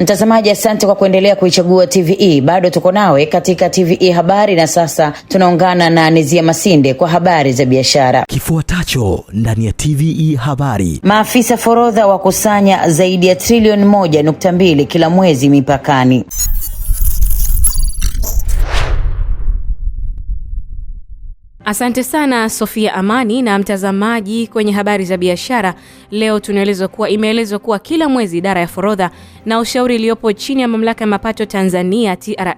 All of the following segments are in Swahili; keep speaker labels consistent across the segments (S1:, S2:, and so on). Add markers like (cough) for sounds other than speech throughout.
S1: Mtazamaji, asante kwa kuendelea kuichagua TVE. Bado tuko nawe katika TVE Habari, na sasa tunaungana na nizia Masinde kwa habari za biashara.
S2: Kifuatacho ndani ya TVE Habari,
S1: maafisa forodha wakusanya zaidi ya trilioni moja nukta mbili kila mwezi mipakani.
S3: Asante sana Sofia Amani na mtazamaji, kwenye habari za biashara Leo tunaelezwa kuwa imeelezwa kuwa kila mwezi idara ya forodha na ushauri iliyopo chini ya mamlaka ya mapato Tanzania TRA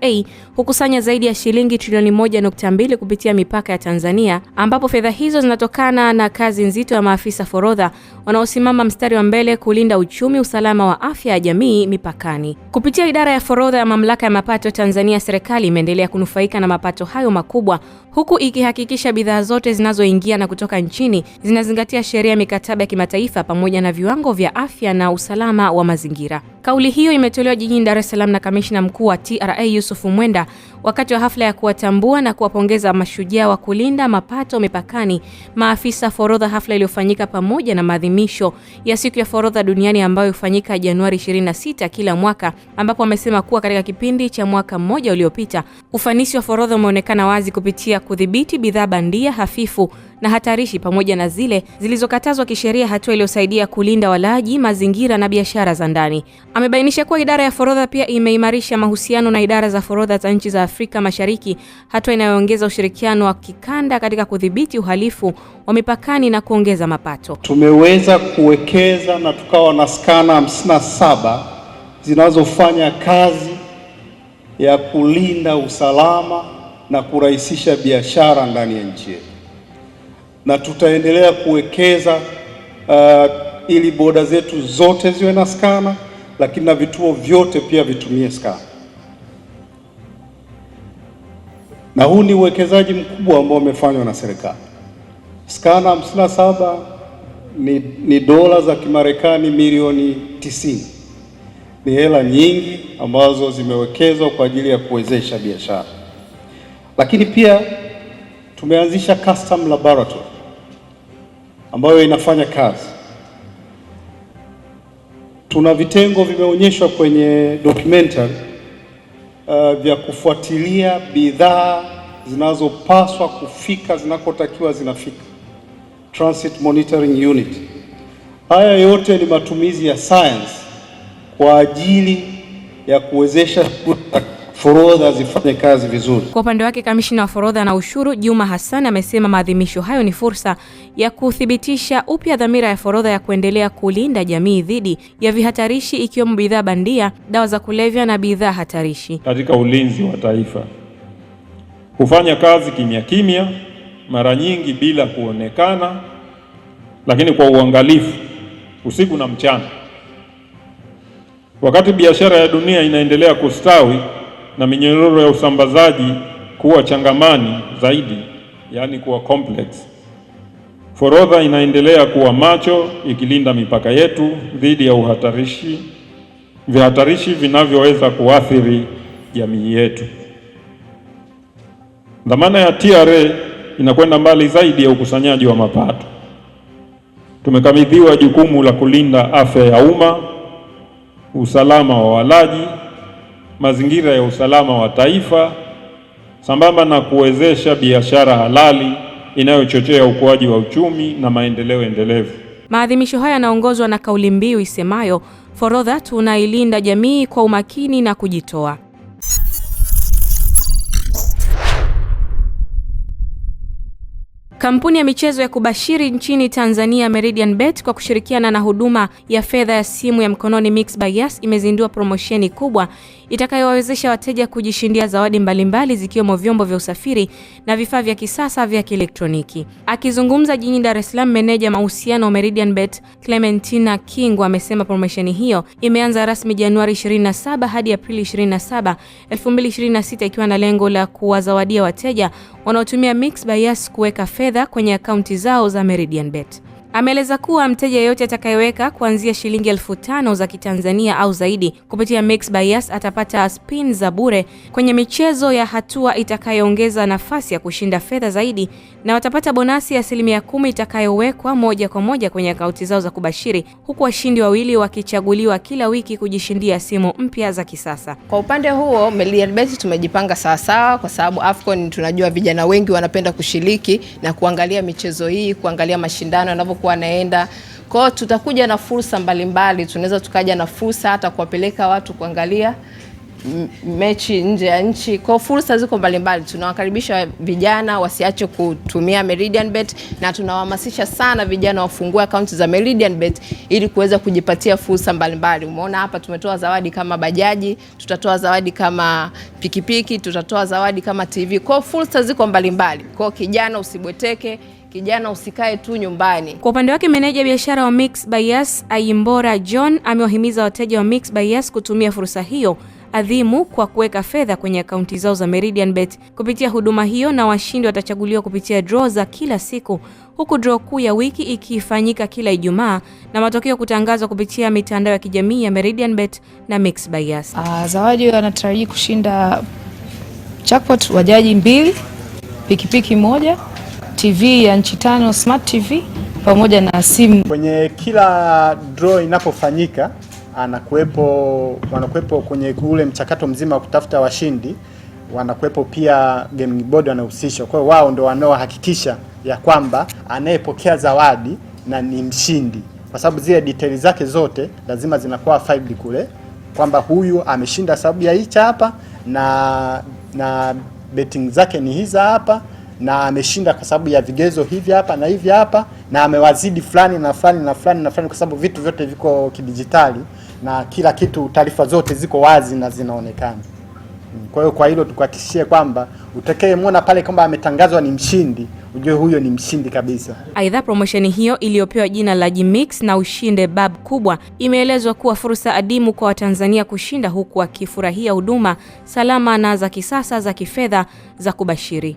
S3: hukusanya zaidi ya shilingi trilioni 1.2 kupitia mipaka ya Tanzania, ambapo fedha hizo zinatokana na kazi nzito ya maafisa forodha wanaosimama mstari wa mbele kulinda uchumi, usalama wa afya ya jamii mipakani. Kupitia idara ya forodha ya mamlaka ya mapato Tanzania, serikali imeendelea kunufaika na mapato hayo makubwa, huku ikihakikisha bidhaa zote zinazoingia na kutoka nchini zinazingatia sheria, mikataba ya kimataifa pamoja na viwango vya afya na usalama wa mazingira. Kauli hiyo imetolewa jijini Dar es Salaam na kamishna mkuu wa TRA Yusufu Mwenda wakati wa hafla ya kuwatambua na kuwapongeza mashujaa wa kulinda mapato mipakani, maafisa forodha, hafla iliyofanyika pamoja na maadhimisho ya siku ya forodha duniani ambayo hufanyika Januari 26 kila mwaka, ambapo amesema kuwa katika kipindi cha mwaka mmoja uliopita ufanisi wa forodha umeonekana wazi kupitia kudhibiti bidhaa bandia hafifu na hatarishi pamoja na zile zilizokatazwa kisheria, hatua iliyosaidia kulinda walaji, mazingira na biashara za ndani. Amebainisha kuwa idara ya forodha pia imeimarisha mahusiano na idara za forodha za nchi za Afrika Mashariki, hatua inayoongeza ushirikiano wa kikanda katika kudhibiti uhalifu wa mipakani na kuongeza mapato.
S4: Tumeweza kuwekeza na tukawa na skana 57 zinazofanya kazi ya kulinda usalama na kurahisisha biashara ndani ya nchi yetu, na tutaendelea kuwekeza uh, ili boda zetu zote ziwe na skana lakini na vituo vyote pia vitumie SCA. Na huu ni uwekezaji mkubwa ambao umefanywa na serikali. SCA na 57 ni, ni dola za Kimarekani milioni 90. Ni hela nyingi ambazo zimewekezwa kwa ajili ya kuwezesha biashara, lakini pia tumeanzisha custom laboratory ambayo inafanya kazi Tuna vitengo vimeonyeshwa kwenye documentary uh, vya kufuatilia bidhaa zinazopaswa kufika zinakotakiwa zinafika, transit monitoring unit. Haya yote ni matumizi ya science kwa ajili ya kuwezesha (laughs) forodha zifanye kazi vizuri.
S3: Kwa upande wake, kamishina wa forodha na ushuru Juma Hassan amesema maadhimisho hayo ni fursa ya kuthibitisha upya dhamira ya forodha ya kuendelea kulinda jamii dhidi ya vihatarishi ikiwemo bidhaa bandia, dawa za kulevya na bidhaa hatarishi
S4: katika ulinzi wa taifa. Hufanya kazi kimya kimya, mara nyingi bila kuonekana, lakini kwa uangalifu usiku na mchana, wakati biashara ya dunia inaendelea kustawi na minyororo ya usambazaji kuwa changamani zaidi, yaani kuwa complex. Forodha inaendelea kuwa macho, ikilinda mipaka yetu dhidi ya uhatarishi, vihatarishi vinavyoweza kuathiri jamii yetu. Dhamana ya TRA inakwenda mbali zaidi ya ukusanyaji wa mapato. Tumekabidhiwa jukumu la kulinda afya ya umma, usalama wa walaji mazingira ya usalama wa taifa sambamba na kuwezesha biashara halali inayochochea ukuaji wa uchumi na maendeleo endelevu.
S3: Maadhimisho haya yanaongozwa na kauli mbiu isemayo forodha tunailinda jamii kwa umakini na kujitoa. Kampuni ya michezo ya kubashiri nchini Tanzania Meridian Bet kwa kushirikiana na huduma ya fedha ya simu ya mkononi Mix by Yas imezindua promosheni kubwa itakayowawezesha wateja kujishindia zawadi mbalimbali zikiwemo vyombo vya usafiri na vifaa vya kisasa vya kielektroniki. Akizungumza jijini Dar es Salaam, meneja mahusiano wa Meridian Bet Clementina King amesema promosheni hiyo imeanza rasmi Januari 27 hadi Aprili 27, 2026 ikiwa na lengo la kuwazawadia wateja wanaotumia Mix by Yas kuweka fedha fedha kwenye akaunti zao za Meridian Bet. Ameeleza kuwa mteja yeyote atakayeweka kuanzia shilingi elfu tano za Kitanzania au zaidi kupitia Mix by Yas atapata spin za bure kwenye michezo ya hatua itakayoongeza nafasi ya kushinda fedha zaidi, na watapata bonasi ya asilimia kumi itakayowekwa moja kwa moja kwenye akaunti zao za kubashiri, huku washindi wawili wakichaguliwa kila wiki kujishindia simu mpya za kisasa.
S5: Kwa upande huo Millionaire Bet tumejipanga sawasawa, kwa sababu AFCON tunajua vijana wengi wanapenda kushiriki na kuangalia michezo hii, kuangalia mashindano yanavyo alikuwa anaenda Kwa tutakuja na fursa mbalimbali, tunaweza tukaja na fursa hata kuwapeleka watu kuangalia mechi nje ya nchi. Kwa fursa ziko mbalimbali, tunawakaribisha vijana wasiache kutumia Meridian Bet na tunawahamasisha sana vijana wafungue akaunti za Meridian Bet ili kuweza kujipatia fursa mbalimbali. Umeona hapa tumetoa zawadi kama bajaji, tutatoa zawadi kama pikipiki, tutatoa zawadi kama TV. Kwa fursa ziko mbalimbali. Kwa kijana usibweteke kijana usikae tu nyumbani.
S3: Kwa upande wake, meneja biashara wa Mix by Yas Ayimbora John amewahimiza wateja wa Mix by Yas kutumia fursa hiyo adhimu kwa kuweka fedha kwenye akaunti zao za Meridian Bet kupitia huduma hiyo, na washindi watachaguliwa kupitia draw za kila siku, huku draw kuu ya wiki ikifanyika kila Ijumaa na matokeo kutangazwa kupitia mitandao ya kijamii ya Meridian Bet na Mix by Yas.
S6: Uh, ah, zawadi wanataraji kushinda jackpot wajaji mbili, pikipiki piki moja TV ya nchi tano smart TV pamoja na simu.
S7: Kwenye kila draw inapofanyika, anakuwepo wanakuwepo kwenye ule mchakato mzima wa kutafuta washindi, wanakuwepo pia gaming board wanahusishwa. Kwa hiyo wao ndio wanaohakikisha ya kwamba anayepokea zawadi na ni mshindi, kwa sababu zile details zake zote lazima zinakuwa filed kule kwamba huyu ameshinda sababu ya hicha hapa na na betting zake ni hiza hapa na ameshinda kwa sababu ya vigezo hivi hapa na hivi hapa, na amewazidi fulani na fulani na fulani na fulani, kwa sababu vitu vyote viko kidijitali na kila kitu, taarifa zote ziko wazi na zinaonekana. Mm, kwa hiyo kwa hilo tukuhakikishie kwamba utakayemwona pale kwamba ametangazwa ni mshindi, ujue huyo ni mshindi kabisa.
S3: Aidha, promosheni hiyo iliyopewa jina la Jimix na ushinde bab kubwa imeelezwa kuwa fursa adimu kwa Watanzania kushinda huku wakifurahia huduma salama na za kisasa za kifedha za kubashiri.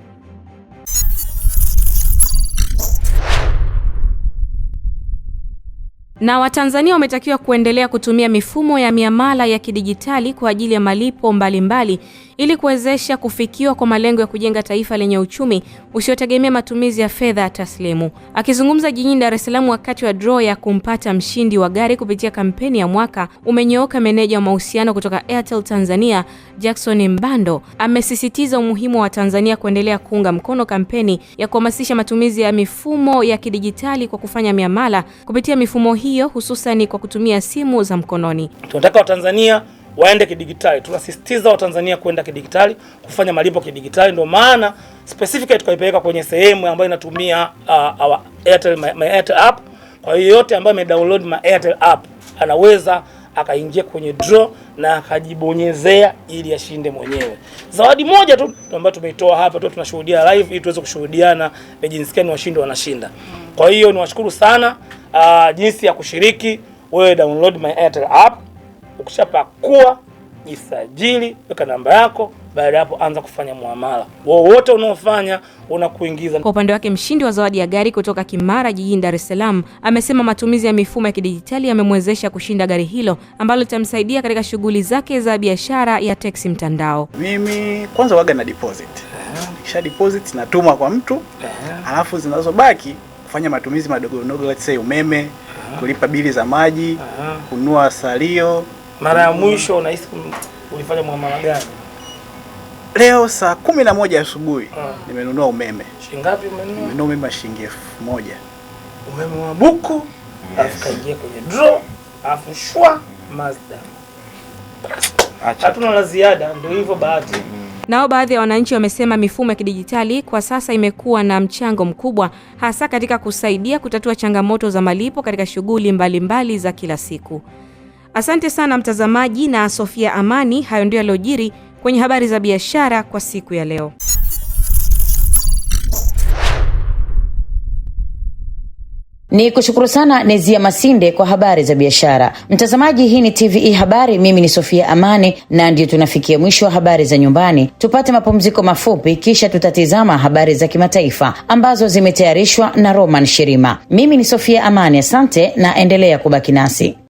S3: Na Watanzania wametakiwa kuendelea kutumia mifumo ya miamala ya kidijitali kwa ajili ya malipo mbalimbali mbali, ili kuwezesha kufikiwa kwa malengo ya kujenga taifa lenye uchumi usiotegemea matumizi ya fedha taslimu. Akizungumza jijini Dar es Salaam wakati wa draw ya kumpata mshindi wa gari kupitia kampeni ya mwaka umenyooka, meneja wa mahusiano kutoka Airtel Tanzania Jackson Mbando amesisitiza umuhimu wa Tanzania kuendelea kuunga mkono kampeni ya kuhamasisha matumizi ya mifumo ya kidijitali kwa kufanya miamala kupitia mifumo hiyo, hususan kwa kutumia simu za mkononi.
S8: Tunataka Watanzania waende kidigitali. Tunasisitiza Watanzania kwenda kidigitali, kufanya malipo kidigitali. Ndio maana specifically tukaipeleka kwenye sehemu ambayo inatumia uh, our Airtel, my, my Airtel app. Kwa hiyo yote ambayo amedownload my Airtel app anaweza akaingia kwenye draw na akajibonyezea ili ashinde mwenyewe. Zawadi moja tu ambayo tumeitoa hapa tu, tunashuhudia live ili tuweze kushuhudiana ni jinsi gani washindi wanashinda. Kwa hiyo niwashukuru sana uh, jinsi ya kushiriki, wewe download my Airtel app Ukishapakua jisajili, weka namba yako. Baada ya hapo, anza kufanya muamala wowote unaofanya unakuingiza.
S3: Kwa upande wake, mshindi wa zawadi ya gari kutoka Kimara jijini Dar es Salaam amesema matumizi ya mifumo ya kidijitali yamemwezesha kushinda gari hilo ambalo litamsaidia katika shughuli zake za biashara ya teksi mtandao.
S9: Mimi kwanza waga na deposit, kisha deposit natuma kwa mtu, alafu zinazobaki kufanya matumizi madogo madogo, let's say umeme, kulipa bili za maji, kunua salio
S10: mara ya mwisho unahisi ulifanya muamala gani?
S9: Leo saa kumi na moja asubuhi ah. nimenunua umeme.
S10: Shilingi ngapi umenunua?
S9: Nimenunua umeme shilingi elfu moja.
S10: Umeme wa buku, alafu kaingia kwenye draw, alafu shwa Mazda. Acha. Hatuna la ziada, ndio hivyo bahati. Mm-hmm.
S3: Nao baadhi ya wananchi wamesema mifumo ya kidijitali kwa sasa imekuwa na mchango mkubwa hasa katika kusaidia kutatua changamoto za malipo katika shughuli mbalimbali za kila siku. Asante sana mtazamaji na Sofia Amani. Hayo ndio yaliyojiri kwenye habari za biashara kwa siku ya leo.
S1: Ni kushukuru sana Nezia Masinde kwa habari za biashara. Mtazamaji, hii ni TVE Habari, mimi ni Sofia Amani, na ndiyo tunafikia mwisho wa habari za nyumbani. Tupate mapumziko mafupi, kisha tutatizama habari za kimataifa ambazo zimetayarishwa na Roman Shirima. Mimi ni Sofia Amani, asante na endelea kubaki nasi.